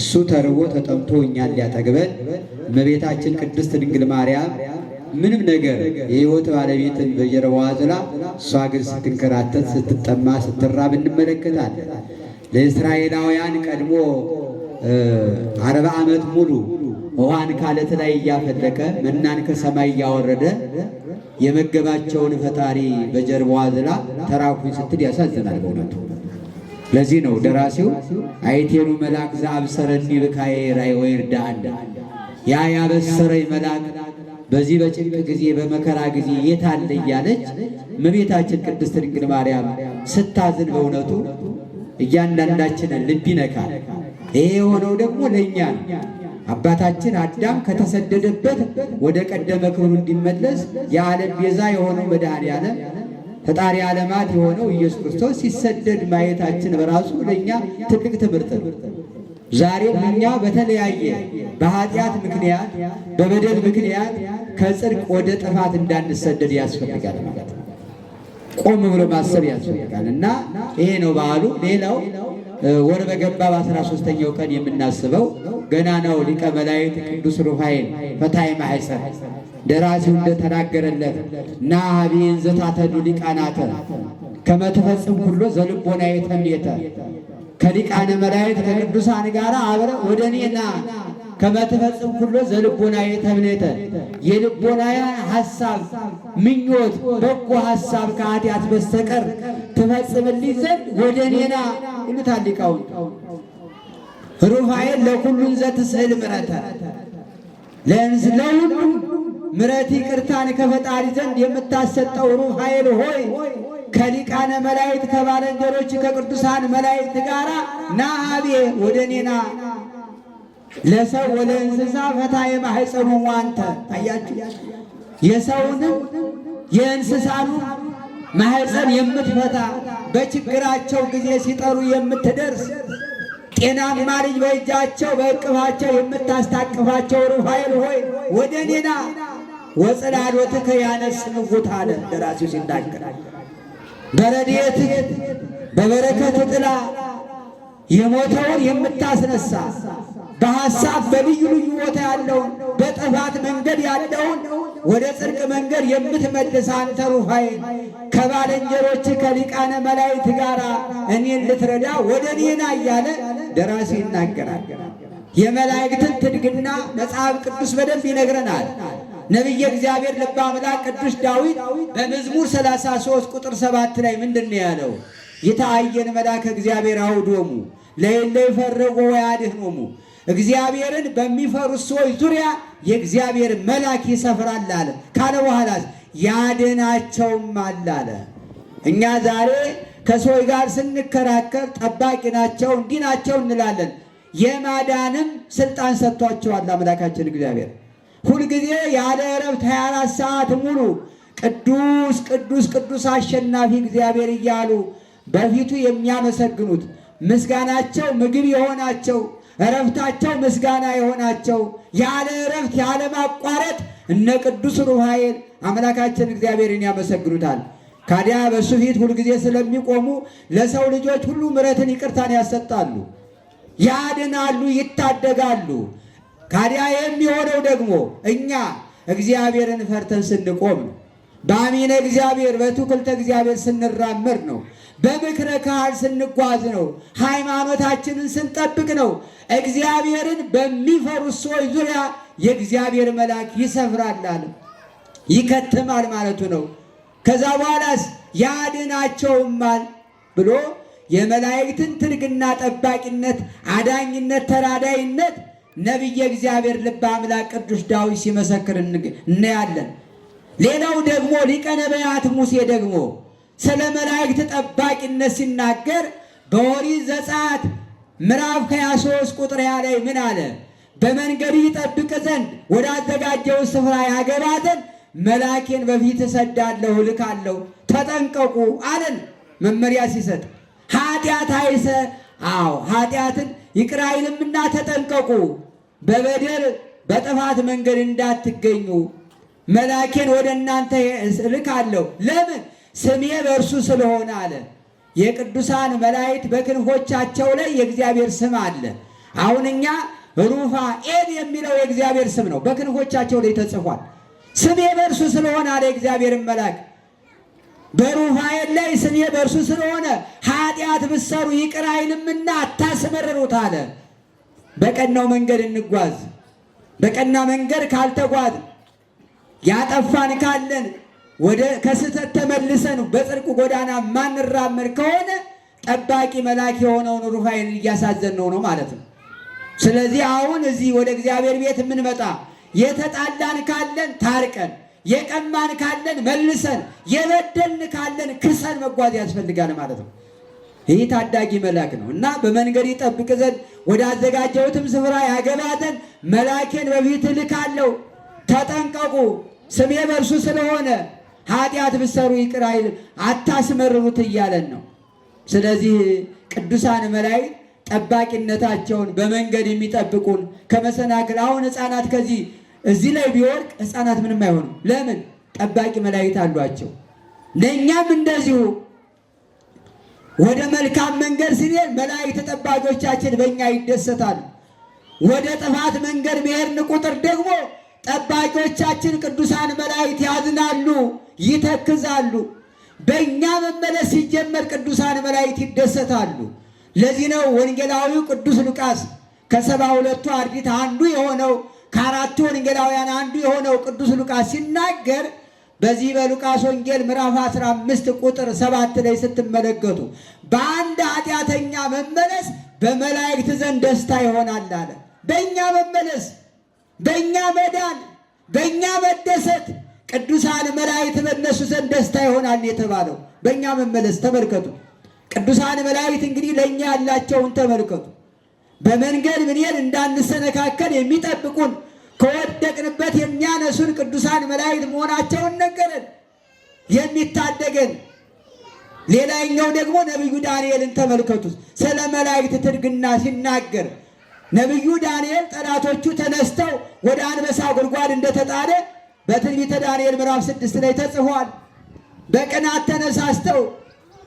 እሱ ተርቦ ተጠምቶ እኛን ሊያጠግበን እመቤታችን ቅድስት ድንግል ማርያም ምንም ነገር የሕይወት ባለቤትን በጀርባዋ አዝላ እሷ ግን ስትንከራተት፣ ስትጠማ፣ ስትራብ እንመለከታለን። ለእስራኤላውያን ቀድሞ አርባ ዓመት ሙሉ ውሃን ካለት ላይ እያፈለቀ መናን ከሰማይ እያወረደ የመገባቸውን ፈጣሪ በጀርባዋ አዝላ ተራኩኝ ስትል ያሳዝናል በእውነቱ። ለዚህ ነው ደራሲው አይቴኑ መልአክ ዘአብሰረኒ ብካዬ ራእየ ወይርዳአኒ ያ ያበሰረኝ መልአክ በዚህ በጭንቅ ጊዜ በመከራ ጊዜ የታለ እያለች እመቤታችን ቅድስት ድንግል ማርያም ስታዝን በእውነቱ እያንዳንዳችንን ልብ ይነካል። ይሄ የሆነው ደግሞ ለእኛ ነው። አባታችን አዳም ከተሰደደበት ወደ ቀደመ ክብሩ እንዲመለስ የዓለም ቤዛ የሆነው መድኃኔ ዓለም ፈጣሪ ዓለማት የሆነው ኢየሱስ ክርስቶስ ሲሰደድ ማየታችን በራሱ ለእኛ ትልቅ ትምህርት ነው። ዛሬም እኛ በተለያየ በኃጢአት ምክንያት በበደል ምክንያት ከጽድቅ ወደ ጥፋት እንዳንሰደድ ያስፈልጋል ማለት ነው። ቆም ብሎ ማሰብ ያስፈልጋል እና ይሄ ነው በዓሉ ሌላው ወር በገባ በ13ኛው ቀን የምናስበው ገና ነው ሊቀ መላእክት ቅዱስ ሩፋኤል ፈታይ ማይሰር ደራሲው እንደተናገረለት ና ሀቢን ዘታተዱ ሊቃናተ ከመተፈጽም ሁሉ ዘልቦና የተምኔተ ከሊቃነ መላእክት ከቅዱሳን ጋር አብረ ወደ እኔና ና ከመተፈጽም ሁሉ ዘልቦና የተምኔተ የልቦናያ ሐሳብ ምኞት በጎ ሐሳብ ከኃጢአት በስተቀር ትፈጽምልኝ ዘንድ ወደ እኔና ይሉታል ሊቃውንት። ሩፋኤል ለኩሉን ዘት ስዕል ምረተ ለሁሉም ምረት ይቅርታን ከፈጣሪ ዘንድ የምታሰጠው ሩፋኤል ሆይ ከሊቃነ መላእክት ከባለንጀሮች ከቅዱሳን መላእክት ጋር ና አቤ ወደ እኔና ለሰው ወደ እንስሳ ፈታ የማህፀኑ ዋንተ ታያችሁ የሰውንም የእንስሳኑ ማህፀን የምትፈታ በችግራቸው ጊዜ ሲጠሩ የምትደርስ ጤናማ ልጅ በእጃቸው በእቅፋቸው የምታስታቅፋቸው ሩፋኤል ሆይ ወደ እኔና ያነስ ያነስንኩት አለ ደራሲው ሲናገር። በረድኤትህ በበረከት ጥላ የሞተውን የምታስነሳ በሐሳብ በልዩ ልዩ ቦታ ያለውን በጥፋት መንገድ ያለውን ወደ ጽድቅ መንገድ የምትመልስ አንተ ሩፋዬ ከባልንጀሮች ከሊቃነ መላእክት ጋር እኔን ልትረዳ ወደ እኔና እያለ ደራሲ ይናገራል። የመላእክትን ትድግና መጽሐፍ ቅዱስ በደንብ ይነግረናል። ነቢየ እግዚአብሔር ልበ አምላክ ቅዱስ ዳዊት በመዝሙር 33 ቁጥር 7 ላይ ምንድን ነው ያለው? የታየን መልአከ እግዚአብሔር አውዶሙ ለየለ ይፈርጎ ወያድህኖሙ እግዚአብሔርን በሚፈሩት ሰዎች ዙሪያ የእግዚአብሔር መልአክ ይሰፍራል አለ ካለ በኋላ ያድናቸውም አለ አለ። እኛ ዛሬ ከሰዎች ጋር ስንከራከር ጠባቂ ናቸው እንዲህ ናቸው እንላለን። የማዳንም ስልጣን ሰጥቷቸዋል አምላካችን እግዚአብሔር። ሁልጊዜ ያለ እረፍት 24 ሰዓት ሙሉ ቅዱስ ቅዱስ ቅዱስ አሸናፊ እግዚአብሔር እያሉ በፊቱ የሚያመሰግኑት ምስጋናቸው ምግብ የሆናቸው እረፍታቸው ምስጋና የሆናቸው ያለ እረፍት ያለ ማቋረጥ እነ ቅዱስ ሩፋኤል አምላካችን እግዚአብሔርን ያመሰግኑታል። ካዲያ በእሱ ፊት ሁልጊዜ ስለሚቆሙ ለሰው ልጆች ሁሉ ምረትን ይቅርታን ያሰጣሉ፣ ያድናሉ፣ ይታደጋሉ። ካዲያ የሚሆነው ደግሞ እኛ እግዚአብሔርን ፈርተን ስንቆም በአሚነ እግዚአብሔር በትውክልተ እግዚአብሔር ስንራመድ ነው። በምክረ ካህል ስንጓዝ ነው። ሃይማኖታችንን ስንጠብቅ ነው። እግዚአብሔርን በሚፈሩት ሰዎች ዙሪያ የእግዚአብሔር መልአክ ይሰፍራላል፣ ይከትማል ማለቱ ነው። ከዛ በኋላስ ያድናቸውማል ብሎ የመላእክትን ትርግና ጠባቂነት፣ አዳኝነት፣ ተራዳይነት ነቢየ እግዚአብሔር ልበ አምላክ ቅዱስ ዳዊት ሲመሰክር እናያለን። ሌላው ደግሞ ሊቀ ነቢያት ሙሴ ደግሞ ስለ መላእክት ጠባቂነት ሲናገር በኦሪት ዘጸአት ምዕራፍ 23 ቁጥር ላይ ምን አለ? በመንገድ ይጠብቅ ዘንድ ወደ አዘጋጀው ስፍራ ያገባትን መላኬን በፊት እሰዳለሁ እልካለሁ፣ ተጠንቀቁ አለን መመሪያ ሲሰጥ ኃጢአት አይሰ አዎ ኃጢአትን ይቅር አይልምና ተጠንቀቁ፣ በበደል በጥፋት መንገድ እንዳትገኙ መላኬን ወደ እናንተ እልካለሁ። ለምን ስሜ በእርሱ ስለሆነ አለ። የቅዱሳን መላእክት በክንፎቻቸው ላይ የእግዚአብሔር ስም አለ። አሁን እኛ ሩፋኤል የሚለው የእግዚአብሔር ስም ነው፣ በክንፎቻቸው ላይ ተጽፏል። ስሜ በእርሱ ስለሆነ አለ የእግዚአብሔር መልአክ በሩፋኤል ላይ ስሜ በእርሱ ስለሆነ ኃጢአት ብሰሩ ይቅር አይልምና አታስመርሩት አለ። በቀናው መንገድ እንጓዝ። በቀና መንገድ ካልተጓዝ ያጠፋን ካለን ወደ ከስህተት ተመልሰን በጽድቅ ጎዳና ማንራመድ ከሆነ ጠባቂ መልአክ የሆነውን ሩፋኤልን እያሳዘንነው ነው ማለት ነው። ስለዚህ አሁን እዚህ ወደ እግዚአብሔር ቤት የምንመጣ የተጣላን ካለን ታርቀን፣ የቀማን ካለን መልሰን፣ የበደልን ካለን ክሰን መጓዝ ያስፈልጋል ማለት ነው። ይህ ታዳጊ መልአክ ነው እና በመንገድ ይጠብቅ ዘንድ ወደ አዘጋጀሁትም ስፍራ ያገባተን ዘንድ መልአኬን በፊትህ እልካለሁ። ተጠንቀቁ፣ ስሜ በእርሱ ስለሆነ ኃጢአት ብሰሩ ይቅር አይል አታስመርሩት እያለን ነው። ስለዚህ ቅዱሳን መላእክት ጠባቂነታቸውን በመንገድ የሚጠብቁን ከመሰናክል አሁን ህፃናት ከዚህ እዚህ ላይ ቢወድቅ ህፃናት ምንም አይሆኑም። ለምን? ጠባቂ መላእክት አሏቸው። ለእኛም እንደዚሁ ወደ መልካም መንገድ ስንሄድ መላእክት ጠባቂዎቻችን በእኛ ይደሰታሉ። ወደ ጥፋት መንገድ መሄድን ቁጥር ደግሞ ጠባቂዎቻችን ቅዱሳን መላእክት ያዝናሉ፣ ይተክዛሉ። በእኛ መመለስ ሲጀመር ቅዱሳን መላእክት ይደሰታሉ። ለዚህ ነው ወንጌላዊው ቅዱስ ሉቃስ ከሰባ ሁለቱ አርድእት አንዱ የሆነው ከአራቱ ወንጌላውያን አንዱ የሆነው ቅዱስ ሉቃስ ሲናገር በዚህ በሉቃስ ወንጌል ምዕራፍ 15 ቁጥር ሰባት ላይ ስትመለከቱ በአንድ ኃጢአተኛ መመለስ በመላእክት ዘንድ ደስታ ይሆናል አለ። በእኛ መመለስ በእኛ መዳን በእኛ መደሰት ቅዱሳን መላእክት በእነሱ ዘንድ ደስታ ይሆናል የተባለው በእኛ መመለስ ተመልከቱ። ቅዱሳን መላእክት እንግዲህ ለእኛ ያላቸውን ተመልከቱ። በመንገድ ብንሄድ እንዳንሰነካከል የሚጠብቁን ከወደቅንበት የሚያነሱን ቅዱሳን መላእክት መሆናቸውን ነገረን። የሚታደገን ሌላኛው ደግሞ ነቢዩ ዳንኤልን ተመልከቱት። ስለ መላእክት ትርግና ሲናገር ነቢዩ ዳንኤል ጠላቶቹ ተነስተው ወደ አንበሳ ጉድጓድ እንደተጣለ በትንቢተ ዳንኤል ምዕራፍ ስድስት ላይ ተጽፏል። በቅናት ተነሳስተው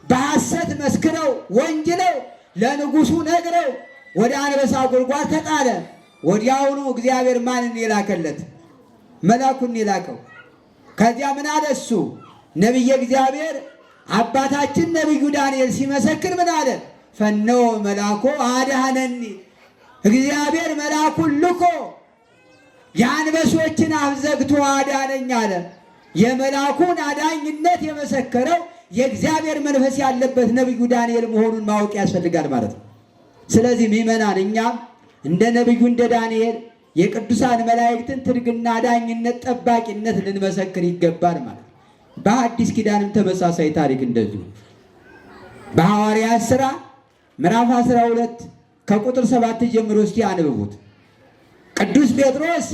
በሐሰት መስክረው ወንጅለው ለንጉሱ ነግረው ወደ አንበሳ ጉድጓድ ተጣለ። ወዲያውኑ እግዚአብሔር ማንን የላከለት? መላኩን የላከው። ከዚያ ምን አለ እሱ ነቢየ እግዚአብሔር አባታችን ነቢዩ ዳንኤል ሲመሰክር ምን አለ? ፈነወ መላኮ አድኀነኒ እግዚአብሔር መልአኩን ልኮ የአንበሶችን አፍ ዘግቶ አዳነኝ አለ። የመልአኩን አዳኝነት የመሰከረው የእግዚአብሔር መንፈስ ያለበት ነቢዩ ዳንኤል መሆኑን ማወቅ ያስፈልጋል ማለት ነው። ስለዚህ ምእመናን እኛም እንደ ነቢዩ እንደ ዳንኤል የቅዱሳን መላእክትን ትርግና አዳኝነት፣ ጠባቂነት ልንመሰክር ይገባል ማለት ነው። በአዲስ ኪዳንም ተመሳሳይ ታሪክ እንደዚሁ በሐዋርያት ሥራ ምዕራፍ 12 ከቁጥር ሰባት ጀምሮ እስቲ አንብቡት። ቅዱስ ጴጥሮስ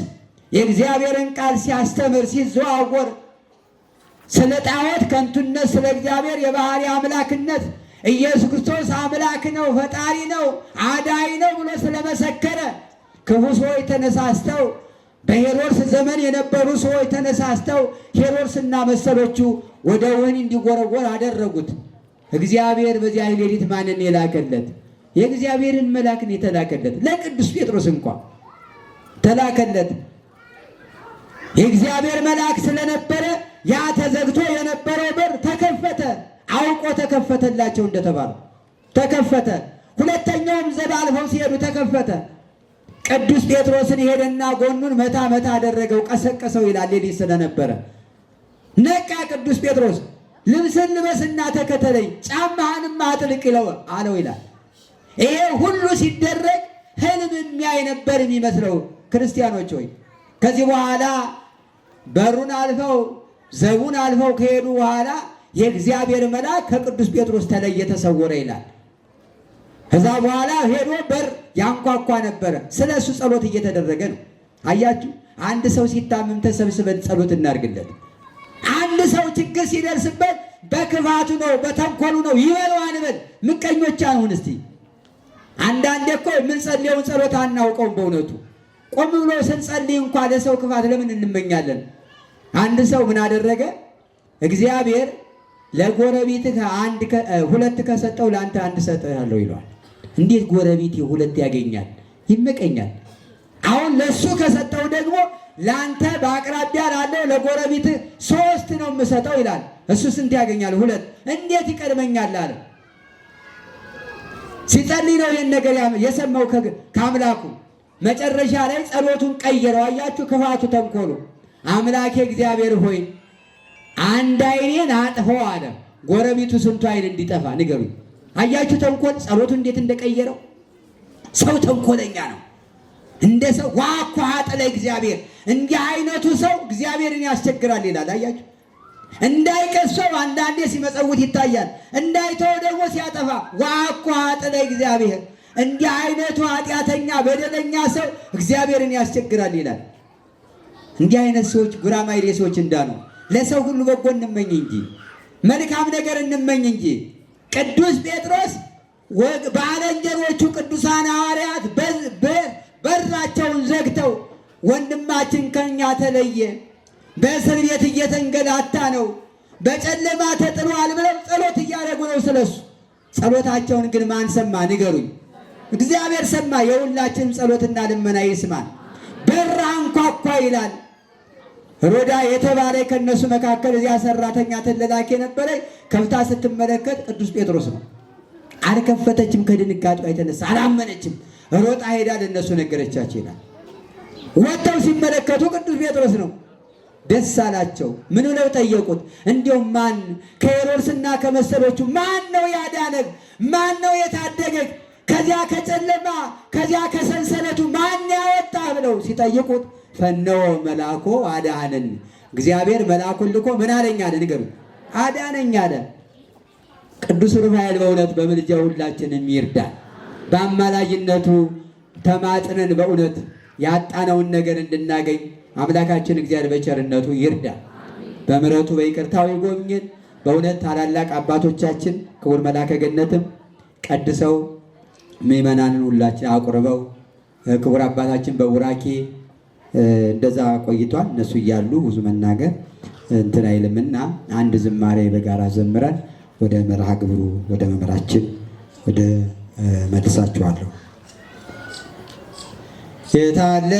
የእግዚአብሔርን ቃል ሲያስተምር ሲዘዋወር ስለ ጣዖት ከንቱነት፣ ስለ እግዚአብሔር የባህሪ አምላክነት ኢየሱስ ክርስቶስ አምላክ ነው፣ ፈጣሪ ነው፣ አዳይ ነው ብሎ ስለመሰከረ ክፉ ሰዎች ተነሳስተው በሄሮድስ ዘመን የነበሩ ሰዎች ተነሳስተው ሄሮድስና መሰሎቹ ወደ ወህኒ እንዲጎረጎር አደረጉት። እግዚአብሔር በዚያ ሌሊት ማንን የላከለት? የእግዚአብሔርን መልአክን የተላከለት ለቅዱስ ጴጥሮስ እንኳ ተላከለት። የእግዚአብሔር መልአክ ስለነበረ ያ ተዘግቶ የነበረው በር ተከፈተ። አውቆ ተከፈተላቸው እንደተባሉ ተከፈተ። ሁለተኛውም ዘብ አልፈው ሲሄዱ ተከፈተ። ቅዱስ ጴጥሮስን ሄደና ጎኑን መታ መታ አደረገው፣ ቀሰቀሰው ይላል። ሌሊት ስለነበረ ነቃ። ቅዱስ ጴጥሮስ ልብስን ልበስና ተከተለኝ፣ ጫማህንም አጥልቅ አለው ይላል። ይሄ ሁሉ ሲደረግ ህልም የሚያይ ነበር የሚመስለው። ክርስቲያኖች ሆይ ከዚህ በኋላ በሩን አልፈው ዘቡን አልፈው ከሄዱ በኋላ የእግዚአብሔር መልአክ ከቅዱስ ጴጥሮስ ተለየ፣ ተሰወረ ይላል። ከዛ በኋላ ሄዶ በር ያንኳኳ ነበረ። ስለ እሱ ጸሎት እየተደረገ ነው። አያችሁ፣ አንድ ሰው ሲታመም ተሰብስበን ጸሎት እናድርግለት። አንድ ሰው ችግር ሲደርስበት በክፋቱ ነው በተንኮሉ ነው ይበለው አንበል። ምቀኞች አንሁን እስቲ አንዳንዴ እኮ የምንጸልየውን ጸሎት አናውቀውም። በእውነቱ ቆም ብሎ ስንጸልይ እንኳ ለሰው ክፋት ለምን እንመኛለን? አንድ ሰው ምን አደረገ? እግዚአብሔር ለጎረቤትህ ሁለት ከሰጠው ለአንተ አንድ ሰጠሃለሁ ይሏል። እንዴት ጎረቤት ሁለት ያገኛል? ይመቀኛል። አሁን ለሱ ከሰጠው ደግሞ ለአንተ በአቅራቢያ ላለው ለጎረቤትህ ሶስት ነው የምሰጠው ይላል። እሱ ስንት ያገኛል? ሁለት። እንዴት ይቀድመኛል አለ። ሲጸልይ ነው ይህን ነገር የሰማው ከአምላኩ። መጨረሻ ላይ ጸሎቱን ቀየረው። አያችሁ ክፋቱ፣ ተንኮሉ። አምላኬ እግዚአብሔር ሆይ አንድ አይኔን አጥፈው አለ። ጎረቤቱ ስንቱ አይን እንዲጠፋ ንገሩ። አያችሁ ተንኮል፣ ጸሎቱ እንዴት እንደቀየረው። ሰው ተንኮለኛ ነው። እንደ ሰው ዋኳ ጥለ እግዚአብሔር እንዲህ አይነቱ ሰው እግዚአብሔርን ያስቸግራል ይላል። አያችሁ እንዳይቀሰው አንዳንዴ ሲመጸውት ይታያል። እንዳይተው ደግሞ ሲያጠፋ ዋኳ ጥለ እግዚአብሔር እንዲህ አይነቱ ኃጢአተኛ በደለኛ ሰው እግዚአብሔርን ያስቸግራል ይላል። እንዲህ አይነት ሰዎች ጉራማይሌ ሰዎች እንዳኑ ለሰው ሁሉ በጎ እንመኝ እንጂ መልካም ነገር እንመኝ እንጂ ቅዱስ ጴጥሮስ ባልንጀሮቹ ቅዱሳን ሐዋርያት በራቸውን ዘግተው ወንድማችን ከኛ ተለየ በእስር ቤት እየተንገላታ ነው፣ በጨለማ ተጥሏል ብለው ጸሎት እያደረጉ ነው። ስለሱ ጸሎታቸውን ግን ማን ሰማ? ንገሩኝ። እግዚአብሔር ሰማ። የሁላችንም ጸሎትና ልመና ይስማል። በራ አንኳኳ ይላል። ሮዳ የተባለ ከእነሱ መካከል እዚያ ሰራተኛ ተለላኪ የነበረ ከፍታ ስትመለከት ቅዱስ ጴጥሮስ ነው። አልከፈተችም፣ ከድንጋጤ የተነሳ አላመነችም። ሮጣ ሄዳ ለእነሱ ነገረቻቸው ይላል። ወጥተው ሲመለከቱ ቅዱስ ጴጥሮስ ነው። ደስ አላቸው። ምን ብለው ጠየቁት? እንዲሁም ማን ከሄሮድስና ከመሰሎቹ ማን ነው ያዳነግ ማን ነው የታደገግ ከዚያ ከጨለማ ከዚያ ከሰንሰለቱ ማን ያወጣ ብለው ሲጠይቁት ፈነወ መልአኮ አዳነን። እግዚአብሔር መልአኩን ልኮ ምን አለኝ አለ፣ ንገሩ አዳነኝ አለ። ቅዱስ ሩፋኤል በእውነት በምልጃ ሁላችንም ይርዳል። በአማላጅነቱ ተማጥነን በእውነት ያጣነውን ነገር እንድናገኝ አምላካችን እግዚአብሔር በቸርነቱ ይርዳ፣ በምረቱ በይቅርታው ይጎብኝን። በእውነት ታላላቅ አባቶቻችን ክቡር መልአከ ገነትም ቀድሰው ምእመናንን ሁላችን አቁርበው ክቡር አባታችን በቡራኬ እንደዛ ቆይቷል። እነሱ እያሉ ብዙ መናገር እንትን አይልምና አንድ ዝማሬ በጋራ ዘምረን ወደ መርሃ ግብሩ ወደ መምህራችን ወደ መልሳችኋለሁ የታለ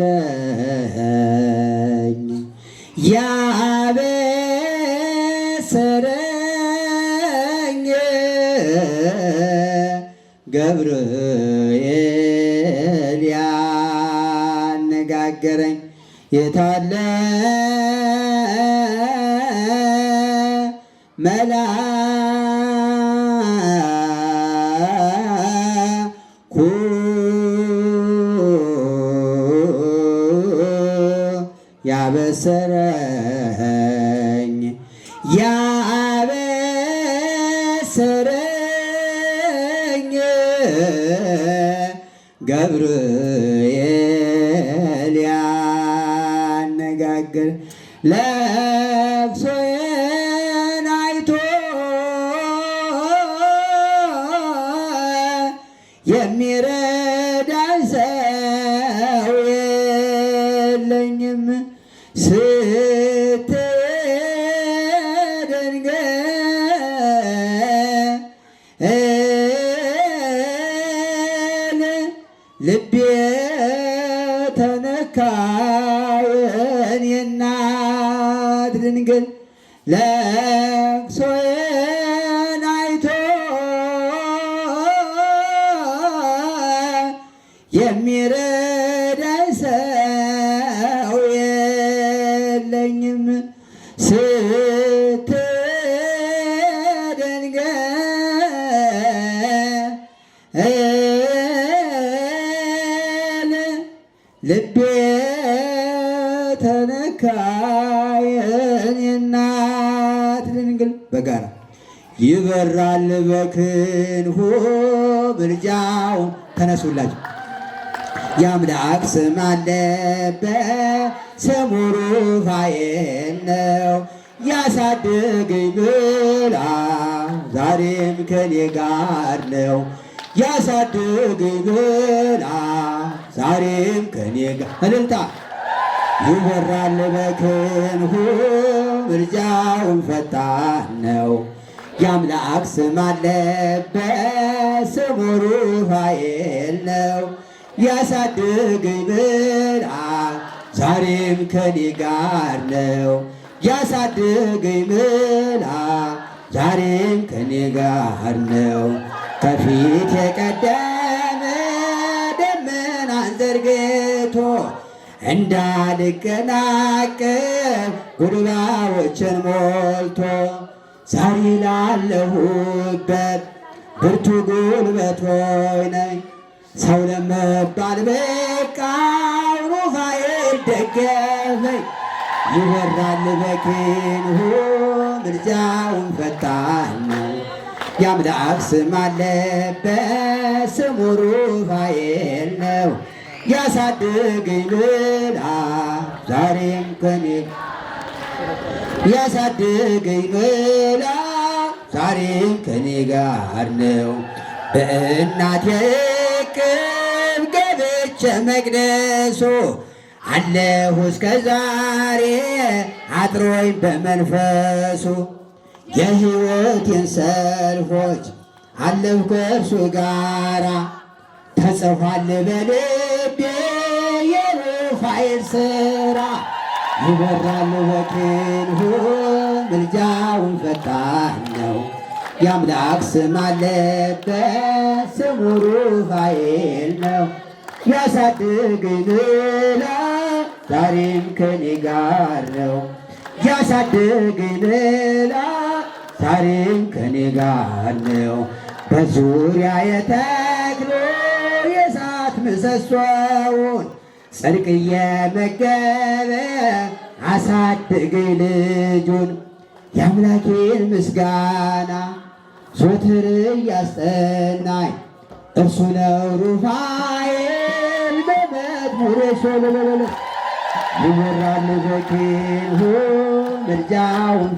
አበሰረኝ ያበሰረኝ ገብርኤል ያነጋገረኝ የታለ መላ ያበሰረኝ ያበሰረኝ ገብርኤል ያነጋግር ለብሶዬን አይቶ የሚረ ሰው የለኝም ስትደንገል ልቤ ተነካ ይበራል በክንፎ ምልጃውን ተነሱላቸው የአምላክ ስም አለበት ስሙ ሩፋኤል ነው። ያሳድገኝ ብላ ዛሬም ከኔ ጋር ነው። ያሳድገኝ ብላ ዛሬም ከኔ ጋር እልልታ ይወራል በክንሁ ምርጃውን ፈጣን ነው። የአምላክ ስም አለበት ስሙ ሩፋኤል ነው። ያሳድገኝ ምራን ዛሬም ከኔ ጋር ነው። ያሳድገኝ ምራን ዛሬም ከኔ ጋር ነው። ከፊት የቀደመ ደመናን ዘርግቶ እንዳልቀናቀፍ ጉድባዎችን ሞልቶ ዛሬ ላለሁበት ብርቱ ነኝ ሰው ለመባል በቃው ሩፋዬ ደገፈኝ ይበራል በክንሁ ምልጃውን ፈጣን ነው የአምላክ ስም አለበት ስሙ ሩፋኤል ነው። ያሳድገኝ ምላ ዛሬም ከኔ ያሳድገኝ ምላ ዛሬም ከኔ ጋር ነው በእናቴ አላውቅም ገብቼ መቅደሱ አለሁ እስከ ዛሬ አጥሮኝ በመንፈሱ የሕይወቴን ሰልፎች አለሁ ከእርሱ ጋራ ተጽፏል በልቤ የሩፋኤል ሥራ ይበራል ወኪልሁ ምልጃውን ፈጣን ነው። የአምላክ ስም አለበት ስሙ ሩፋኤል ነው። ያሳድገኝ ብላ ዛሬም ከኔ ጋር ነው። ያሳድገኝ ብላ ዛሬም ከኔ ጋር ነው። በዙሪያ የተክሎ የእሳት ምሰሶውን ጽድቅ እየመገበ አሳድገኝ ልጁን የአምላኬን ምስጋና ዞትር እያስጠናኝ እርሱ ነው ሩፋኤል በመዝሙሬ ሾለለለ ሊወራሉ ዘኪሁ ምልጃውን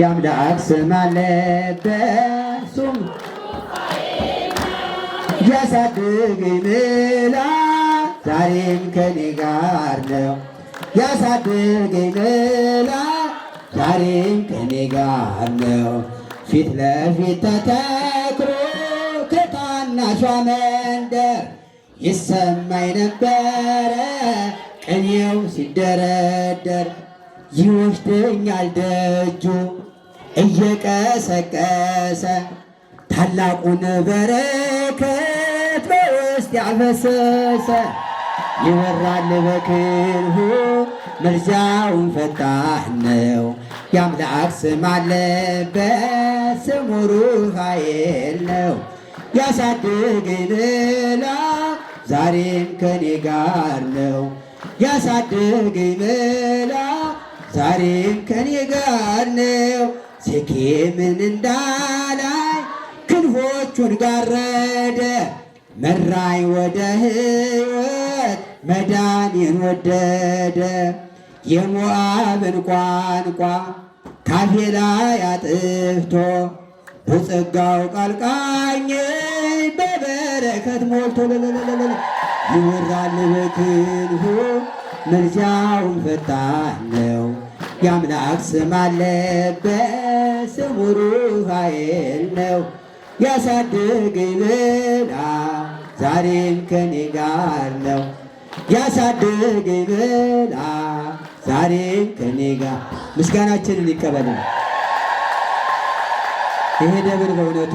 የአምላክ ስም አለበት ያሳድግ ምላ ዛሬም ከኔ ጋር ነው ያሳድግ ምላ ዛሬም ከኔ ጋር ነው ፊት ለፊት ተተክሮ ከታናሿ መንደር ይሰማኝ ነበረ ቅኔው ሲደረደር ይወስደኛል ደጁ እየቀሰቀሰ ታላቁን በረከት በውስጥ ያፈሰሰ ይወራል በክንሁ መርጃውን ፈታህ ነው የአምላክ ስም አለበት ስሙ ሩህ የለው ያሳድገኝ ዛሬም ከኔ ጋር ነው ያሳድገኝ ዛሬም ከኔ ጋር ነው ሴኬምን እንዳላይ ክንፎቹን ጋረደ መራኝ ወደ ሕይወት መዳኔን ወደደ የሞዓብን ቋንቋ ካፌ ላይ አጥፍቶ በጸጋው ቃል በበረከት ሞልቶ ይወራል በክንፉ መርጃውን ፈጣን የአምላክ ስም አለበት ስሙ ሩፋኤል ነው። ያሳድገኝ ብላ ዛሬም ከኔ ጋር ነው። ያሳድገኝ ዛሬ ከኔ ጋር ምስጋናችንን ይቀበላል። ይሄ ደብር በእውነቱ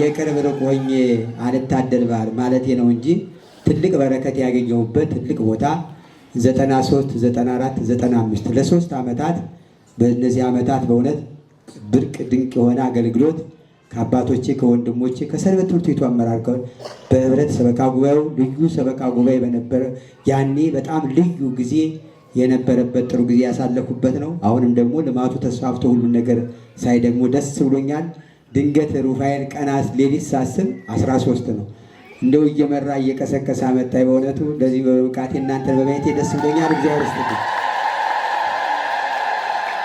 የቅርብ ርቅ ሆኜ አልታደል ባር ማለቴ ነው እንጂ ትልቅ በረከት ያገኘሁበት ትልቅ ቦታ 93፣ 94፣ 95 ለሶስት ዓመታት በእነዚህ ዓመታት በእውነት ብርቅ ድንቅ የሆነ አገልግሎት ከአባቶቼ ከወንድሞቼ ከሰንበት ትምህርት ቤቱ አመራር በህብረት ሰበካ ጉባኤው ልዩ ሰበካ ጉባኤ በነበረ ያኔ በጣም ልዩ ጊዜ የነበረበት ጥሩ ጊዜ ያሳለፉበት ነው። አሁንም ደግሞ ልማቱ ተስፋፍቶ ሁሉን ነገር ሳይ ደግሞ ደስ ብሎኛል። ድንገት ሩፋኤል ቀናት ሌሊት ሳስብ 13 ነው እንደው እየመራ እየቀሰቀሰ አመጣኝ። በእውነቱ ለዚህ በመብቃቴ እናንተን በማየቴ ደስ ብሎኛል። እግዚአብሔር ይስጥልኝ።